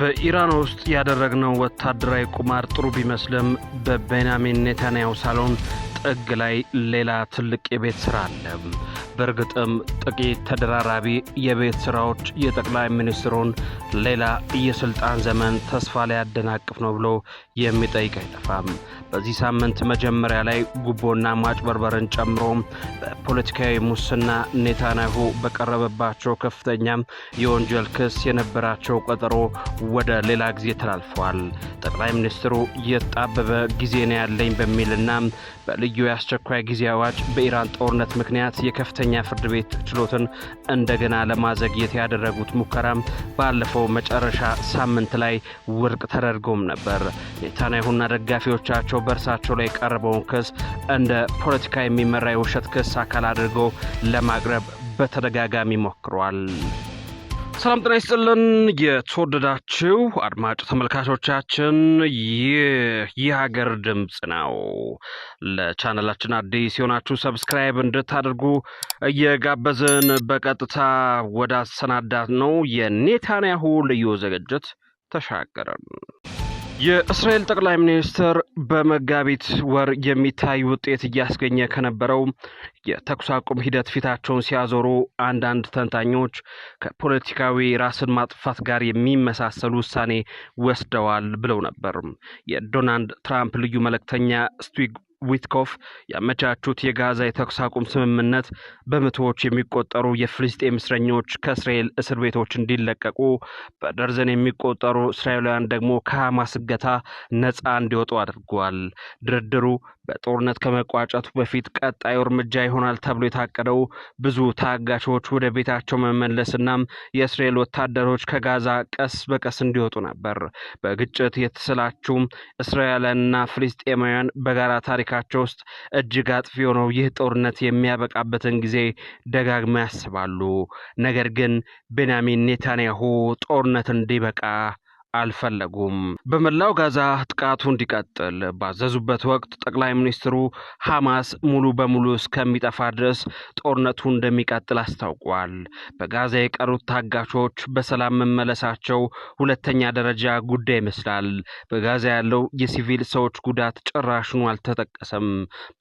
በኢራን ውስጥ ያደረግነው ወታደራዊ ቁማር ጥሩ ቢመስልም በቤንያሚን ኔታንያሁ ሳሎን ጥግ ላይ ሌላ ትልቅ የቤት ስራ አለ። በእርግጥም ጥቂት ተደራራቢ የቤት ስራዎች የጠቅላይ ሚኒስትሩን ሌላ የስልጣን ዘመን ተስፋ ሊያደናቅፍ ነው ብሎ የሚጠይቅ አይጠፋም። በዚህ ሳምንት መጀመሪያ ላይ ጉቦና ማጭበርበርን ጨምሮ በፖለቲካዊ ሙስና ኔታንያሁ በቀረበባቸው ከፍተኛም የወንጀል ክስ የነበራቸው ቀጠሮ ወደ ሌላ ጊዜ ተላልፈዋል። ጠቅላይ ሚኒስትሩ የጣበበ ጊዜ ነው ያለኝ በሚልና በልዩ የአስቸኳይ ጊዜ አዋጅ በኢራን ጦርነት ምክንያት የከፍተኛ ከፍተኛ ፍርድ ቤት ችሎትን እንደገና ለማዘግየት ያደረጉት ሙከራም ባለፈው መጨረሻ ሳምንት ላይ ውድቅ ተደርጎም ነበር። ኔታንያሁና ደጋፊዎቻቸው በእርሳቸው ላይ የቀረበውን ክስ እንደ ፖለቲካ የሚመራ የውሸት ክስ አካል አድርገው ለማቅረብ በተደጋጋሚ ሞክሯል። ሰላም ጤና ይስጥልን። የተወደዳችው አድማጭ ተመልካቾቻችን ይህ የሀገር ድምፅ ነው። ለቻናላችን አዲስ ሲሆናችሁ ሰብስክራይብ እንድታደርጉ እየጋበዝን በቀጥታ ወደ አሰናዳት ነው የኔታንያሁ ልዩ ዝግጅት ተሻገርን። የእስራኤል ጠቅላይ ሚኒስትር በመጋቢት ወር የሚታይ ውጤት እያስገኘ ከነበረው የተኩስ አቁም ሂደት ፊታቸውን ሲያዞሩ አንዳንድ ተንታኞች ከፖለቲካዊ ራስን ማጥፋት ጋር የሚመሳሰሉ ውሳኔ ወስደዋል ብለው ነበር። የዶናልድ ትራምፕ ልዩ መልእክተኛ ስቲግ ዊትኮፍ ያመቻቹት የጋዛ የተኩስ አቁም ስምምነት በመቶዎች የሚቆጠሩ የፍልስጤም እስረኞች ከእስራኤል እስር ቤቶች እንዲለቀቁ፣ በደርዘን የሚቆጠሩ እስራኤላውያን ደግሞ ከሐማስ እገታ ነፃ እንዲወጡ አድርጓል። ድርድሩ በጦርነት ከመቋጨቱ በፊት ቀጣዩ እርምጃ ይሆናል ተብሎ የታቀደው ብዙ ታጋቾች ወደ ቤታቸው መመለስናም የእስራኤል ወታደሮች ከጋዛ ቀስ በቀስ እንዲወጡ ነበር። በግጭት የተሰላቹም እስራኤላውያንና ፍልስጤማውያን በጋራ ታሪክ ታሪካቸው ውስጥ እጅግ አጥፊ የሆነው ይህ ጦርነት የሚያበቃበትን ጊዜ ደጋግመው ያስባሉ። ነገር ግን ቤንያሚን ኔታንያሁ ጦርነት እንዲበቃ አልፈለጉም። በመላው ጋዛ ጥቃቱ እንዲቀጥል ባዘዙበት ወቅት ጠቅላይ ሚኒስትሩ ሐማስ ሙሉ በሙሉ እስከሚጠፋ ድረስ ጦርነቱ እንደሚቀጥል አስታውቋል። በጋዛ የቀሩት ታጋቾች በሰላም መመለሳቸው ሁለተኛ ደረጃ ጉዳይ ይመስላል። በጋዛ ያለው የሲቪል ሰዎች ጉዳት ጭራሽኑ አልተጠቀሰም።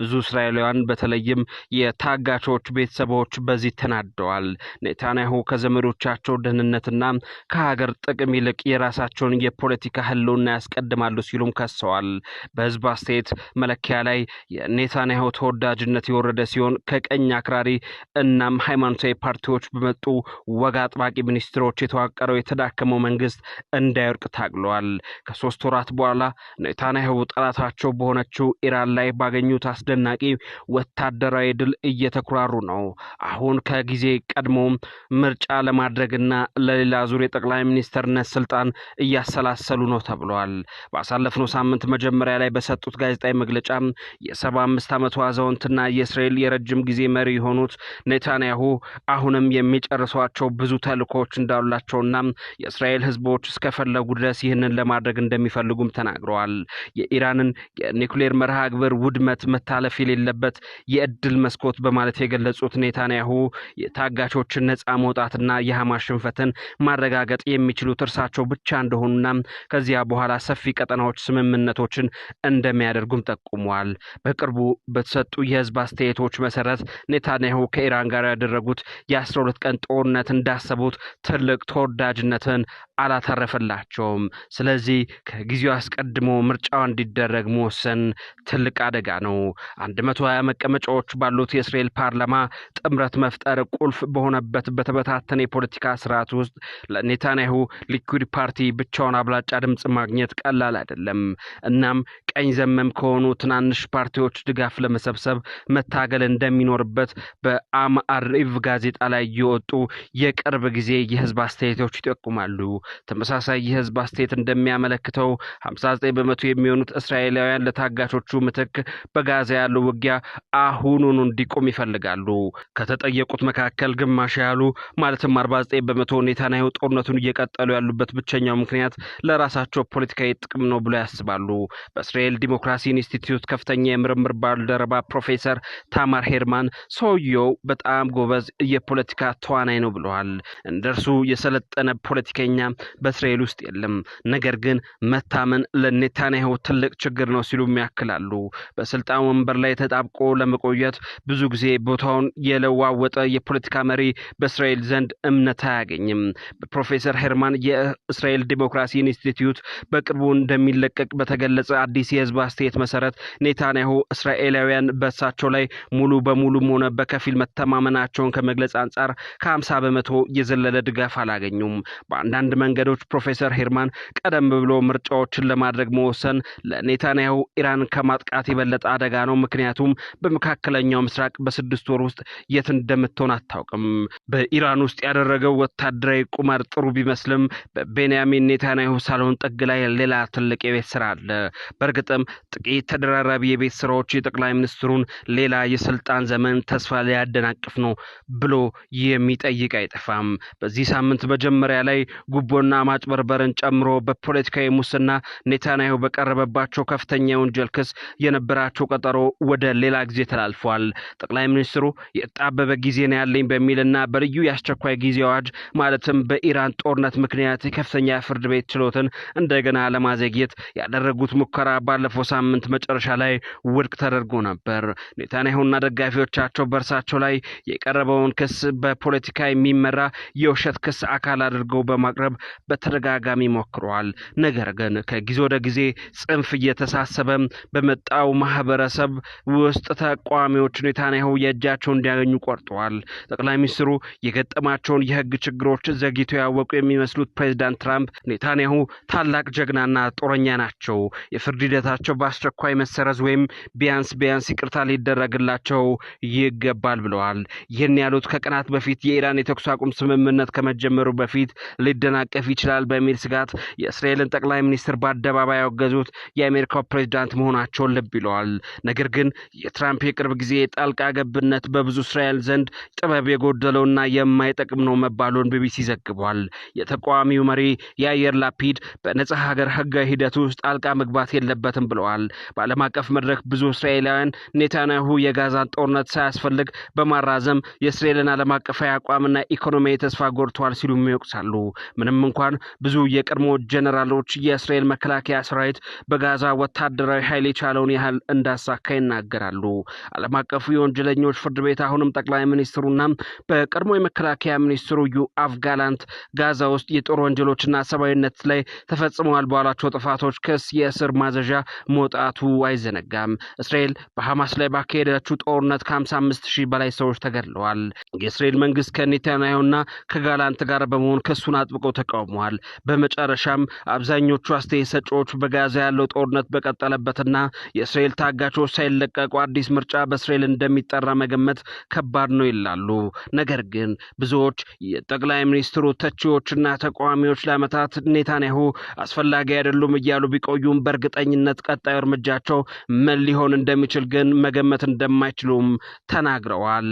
ብዙ እስራኤላውያን በተለይም የታጋቾች ቤተሰቦች በዚህ ተናደዋል። ኔታንያሁ ከዘመዶቻቸው ደህንነትና ከሀገር ጥቅም ይልቅ የራሳቸው የራሳቸውን የፖለቲካ ህልውና ያስቀድማሉ ሲሉም ከሰዋል። በህዝብ አስተያየት መለኪያ ላይ የኔታንያሁ ተወዳጅነት የወረደ ሲሆን ከቀኝ አክራሪ እናም ሃይማኖታዊ ፓርቲዎች በመጡ ወግ አጥባቂ ሚኒስትሮች የተዋቀረው የተዳከመው መንግስት እንዳይወርቅ ታግለዋል። ከሶስት ወራት በኋላ ኔታንያሁ ጠላታቸው በሆነችው ኢራን ላይ ባገኙት አስደናቂ ወታደራዊ ድል እየተኩራሩ ነው። አሁን ከጊዜ ቀድሞም ምርጫ ለማድረግና ለሌላ ዙር የጠቅላይ ሚኒስትርነት ስልጣን እያሰላሰሉ ነው ተብሏል። ባሳለፍነው ሳምንት መጀመሪያ ላይ በሰጡት ጋዜጣዊ መግለጫ የሰባ አምስት ዓመቱ አዛውንትና የእስራኤል የረጅም ጊዜ መሪ የሆኑት ኔታንያሁ አሁንም የሚጨርሷቸው ብዙ ተልእኮዎች እንዳሏቸውና የእስራኤል ህዝቦች እስከፈለጉ ድረስ ይህንን ለማድረግ እንደሚፈልጉም ተናግረዋል። የኢራንን የኒውክሌር መርሃ ግብር ውድመት መታለፍ የሌለበት የእድል መስኮት በማለት የገለጹት ኔታንያሁ የታጋቾችን ነፃ መውጣትና የሐማስ ሽንፈትን ማረጋገጥ የሚችሉት እርሳቸው ብቻ እንደሆ እንደሆኑና ከዚያ በኋላ ሰፊ ቀጠናዎች ስምምነቶችን እንደሚያደርጉም ጠቁመዋል። በቅርቡ በተሰጡ የህዝብ አስተያየቶች መሰረት ኔታንያሁ ከኢራን ጋር ያደረጉት የ12 ቀን ጦርነት እንዳሰቡት ትልቅ ተወዳጅነትን አላተረፈላቸውም። ስለዚህ ከጊዜው አስቀድሞ ምርጫው እንዲደረግ መወሰን ትልቅ አደጋ ነው። 120 መቀመጫዎች ባሉት የእስራኤል ፓርላማ ጥምረት መፍጠር ቁልፍ በሆነበት በተበታተነ የፖለቲካ ስርዓት ውስጥ ለኔታንያሁ ሊኩድ ፓርቲ ብቻውን አብላጫ ድምፅ ማግኘት ቀላል አይደለም። እናም ቀኝ ዘመም ከሆኑ ትናንሽ ፓርቲዎች ድጋፍ ለመሰብሰብ መታገል እንደሚኖርበት በአማአሪቭ ጋዜጣ ላይ የወጡ የቅርብ ጊዜ የህዝብ አስተያየቶች ይጠቁማሉ። ተመሳሳይ የህዝብ አስተያየት እንደሚያመለክተው 59 በመቶ የሚሆኑት እስራኤላውያን ለታጋቾቹ ምትክ በጋዛ ያለው ውጊያ አሁኑኑ እንዲቆም ይፈልጋሉ። ከተጠየቁት መካከል ግማሽ ያሉ ማለትም 49 በመቶ ኔታንያሁ ጦርነቱን እየቀጠሉ ያሉበት ብቸኛው ምክንያት ምክንያት ለራሳቸው ፖለቲካዊ ጥቅም ነው ብሎ ያስባሉ። በእስራኤል ዲሞክራሲ ኢንስቲትዩት ከፍተኛ የምርምር ባልደረባ ፕሮፌሰር ታማር ሄርማን ሰውየው በጣም ጎበዝ የፖለቲካ ተዋናይ ነው ብለዋል። እንደርሱ የሰለጠነ ፖለቲከኛ በእስራኤል ውስጥ የለም፣ ነገር ግን መታመን ለኔታንያሁ ትልቅ ችግር ነው ሲሉ ያክላሉ። በስልጣን ወንበር ላይ ተጣብቆ ለመቆየት ብዙ ጊዜ ቦታውን የለዋወጠ የፖለቲካ መሪ በእስራኤል ዘንድ እምነት አያገኝም። በፕሮፌሰር ሄርማን የእስራኤል ዲሞ ዲሞክራሲ ኢንስቲትዩት በቅርቡ እንደሚለቀቅ በተገለጸ አዲስ የህዝብ አስተያየት መሰረት ኔታንያሁ እስራኤላውያን በእሳቸው ላይ ሙሉ በሙሉም ሆነ በከፊል መተማመናቸውን ከመግለጽ አንጻር ምሳ በመቶ የዘለለ ድጋፍ አላገኙም። በአንዳንድ መንገዶች ፕሮፌሰር ሄርማን ቀደም ብሎ ምርጫዎችን ለማድረግ መወሰን ለኔታንያሁ ኢራን ከማጥቃት የበለጠ አደጋ ነው። ምክንያቱም በመካከለኛው ምስራቅ በስድስት ወር ውስጥ የት እንደምትሆን አታውቅም። በኢራን ውስጥ ያደረገው ወታደራዊ ቁማር ጥሩ ቢመስልም በቤንያሚን የኔታንያሁ ሳሎን ጥግ ላይ ሌላ ትልቅ የቤት ስራ አለ። በእርግጥም ጥቂት ተደራራቢ የቤት ስራዎች የጠቅላይ ሚኒስትሩን ሌላ የስልጣን ዘመን ተስፋ ሊያደናቅፍ ነው ብሎ የሚጠይቅ አይጠፋም። በዚህ ሳምንት መጀመሪያ ላይ ጉቦና ማጭበርበርን ጨምሮ በፖለቲካዊ ሙስና ኔታንያሁ በቀረበባቸው ከፍተኛ የወንጀል ክስ የነበራቸው ቀጠሮ ወደ ሌላ ጊዜ ተላልፏል። ጠቅላይ ሚኒስትሩ የጣበበ ጊዜ ነው ያለኝ በሚልና በልዩ የአስቸኳይ ጊዜ አዋጅ ማለትም በኢራን ጦርነት ምክንያት የከፍተኛ ፍርድ ፍርድ ቤት ችሎትን እንደገና ለማዘግየት ያደረጉት ሙከራ ባለፈው ሳምንት መጨረሻ ላይ ውድቅ ተደርጎ ነበር። ኔታንያሁና ደጋፊዎቻቸው በእርሳቸው ላይ የቀረበውን ክስ በፖለቲካ የሚመራ የውሸት ክስ አካል አድርገው በማቅረብ በተደጋጋሚ ሞክረዋል። ነገር ግን ከጊዜ ወደ ጊዜ ጽንፍ እየተሳሰበ በመጣው ማህበረሰብ ውስጥ ተቃዋሚዎች ኔታንያሁ የእጃቸው እንዲያገኙ ቆርጠዋል። ጠቅላይ ሚኒስትሩ የገጠማቸውን የህግ ችግሮች ዘግይቶ ያወቁ የሚመስሉት ፕሬዚዳንት ትራምፕ ኔታንያሁ ታላቅ ጀግናና ጦረኛ ናቸው። የፍርድ ሂደታቸው በአስቸኳይ መሰረዝ ወይም ቢያንስ ቢያንስ ይቅርታ ሊደረግላቸው ይገባል ብለዋል። ይህን ያሉት ከቀናት በፊት የኢራን የተኩስ አቁም ስምምነት ከመጀመሩ በፊት ሊደናቀፍ ይችላል በሚል ስጋት የእስራኤልን ጠቅላይ ሚኒስትር በአደባባይ ያወገዙት የአሜሪካው ፕሬዚዳንት መሆናቸውን ልብ ይለዋል። ነገር ግን የትራምፕ የቅርብ ጊዜ የጣልቃ ገብነት በብዙ እስራኤል ዘንድ ጥበብ የጎደለውና የማይጠቅም ነው መባሉን ቢቢሲ ዘግቧል። የተቃዋሚው መሪ አየር ላፒድ በነጻ ሀገር ህጋዊ ሂደት ውስጥ ጣልቃ መግባት የለበትም ብለዋል። በዓለም አቀፍ መድረክ ብዙ እስራኤላውያን ኔታንያሁ የጋዛን ጦርነት ሳያስፈልግ በማራዘም የእስራኤልን ዓለም አቀፋዊ አቋምና ኢኮኖሚያዊ ተስፋ ጎድተዋል ሲሉ ይወቅሳሉ። ምንም እንኳን ብዙ የቀድሞ ጀነራሎች የእስራኤል መከላከያ ሰራዊት በጋዛ ወታደራዊ ኃይል የቻለውን ያህል እንዳሳካ ይናገራሉ። ዓለም አቀፉ የወንጀለኞች ፍርድ ቤት አሁንም ጠቅላይ ሚኒስትሩና በቀድሞ የመከላከያ ሚኒስትሩ ዩአቭ ጋላንት ጋዛ ውስጥ የጦር ወንጀሎችና ሰብአዊ ሰብአዊነት ላይ ተፈጽመዋል ባሏቸው ጥፋቶች ክስ የእስር ማዘዣ መውጣቱ አይዘነጋም። እስራኤል በሐማስ ላይ ባካሄደችው ጦርነት ከ55 ሺህ በላይ ሰዎች ተገድለዋል። የእስራኤል መንግስት ከኔታንያሁና ከጋላንት ጋር በመሆን ክሱን አጥብቀው ተቃውመዋል። በመጨረሻም አብዛኞቹ አስተያየት ሰጪዎች በጋዛ ያለው ጦርነት በቀጠለበትና የእስራኤል ታጋቾች ሳይለቀቁ አዲስ ምርጫ በእስራኤል እንደሚጠራ መገመት ከባድ ነው ይላሉ። ነገር ግን ብዙዎች የጠቅላይ ሚኒስትሩ ተቺዎችና ተቃዋሚዎች ለዓመታት ኔታንያሁ አስፈላጊ አይደሉም እያሉ ቢቆዩም በእርግጠኝነት ቀጣዩ እርምጃቸው ምን ሊሆን እንደሚችል ግን መገመት እንደማይችሉም ተናግረዋል።